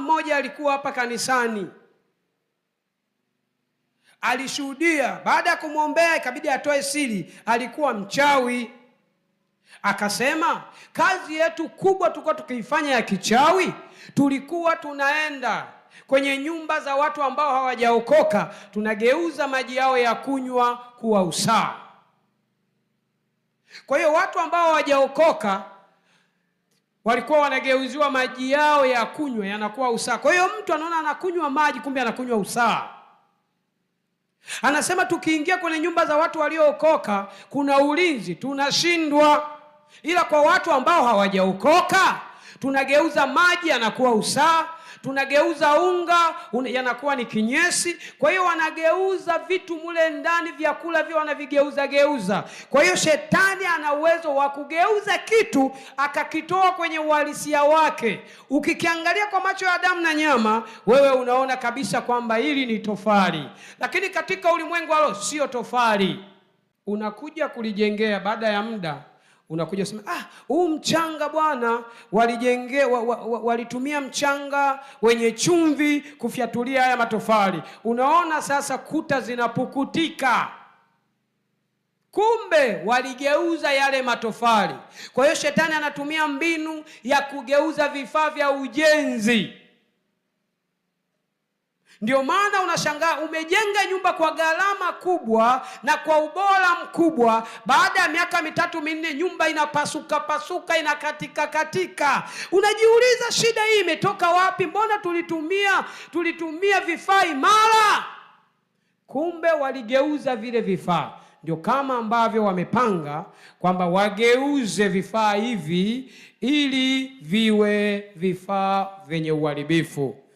mmoja alikuwa hapa kanisani, alishuhudia. Baada ya kumwombea, ikabidi atoe siri, alikuwa mchawi. Akasema kazi yetu kubwa tulikuwa tukiifanya ya kichawi, tulikuwa tunaenda kwenye nyumba za watu ambao hawajaokoka, tunageuza maji yao ya kunywa kuwa usaa Kwa hiyo watu ambao hawajaokoka walikuwa wanageuziwa maji yao ya kunywa yanakuwa usaa. Kwa hiyo mtu anaona anakunywa maji, kumbe anakunywa usaa. Anasema tukiingia kwenye nyumba za watu waliookoka kuna ulinzi, tunashindwa, ila kwa watu ambao hawajaokoka tunageuza maji yanakuwa usaa tunageuza unga un, yanakuwa ni kinyesi. Kwa hiyo wanageuza vitu mule ndani, vyakula vyo wanavigeuza geuza. Kwa hiyo shetani ana uwezo wa kugeuza kitu akakitoa kwenye uhalisia wake. Ukikiangalia kwa macho ya damu na nyama, wewe unaona kabisa kwamba hili ni tofali, lakini katika ulimwengu alo sio tofali. Unakuja kulijengea baada ya muda unakuja usema ah, huu mchanga bwana walijengea wa, wa, wa, walitumia mchanga wenye chumvi kufyatulia haya matofali. Unaona sasa kuta zinapukutika, kumbe waligeuza yale matofali. Kwa hiyo shetani anatumia mbinu ya kugeuza vifaa vya ujenzi ndio maana unashangaa umejenga nyumba kwa gharama kubwa na kwa ubora mkubwa, baada ya miaka mitatu minne nyumba inapasuka pasuka inakatika katika. Unajiuliza shida hii imetoka wapi? Mbona tulitumia tulitumia vifaa imara? Kumbe waligeuza vile vifaa ndio kama ambavyo wamepanga kwamba wageuze vifaa hivi ili viwe vifaa vyenye uharibifu.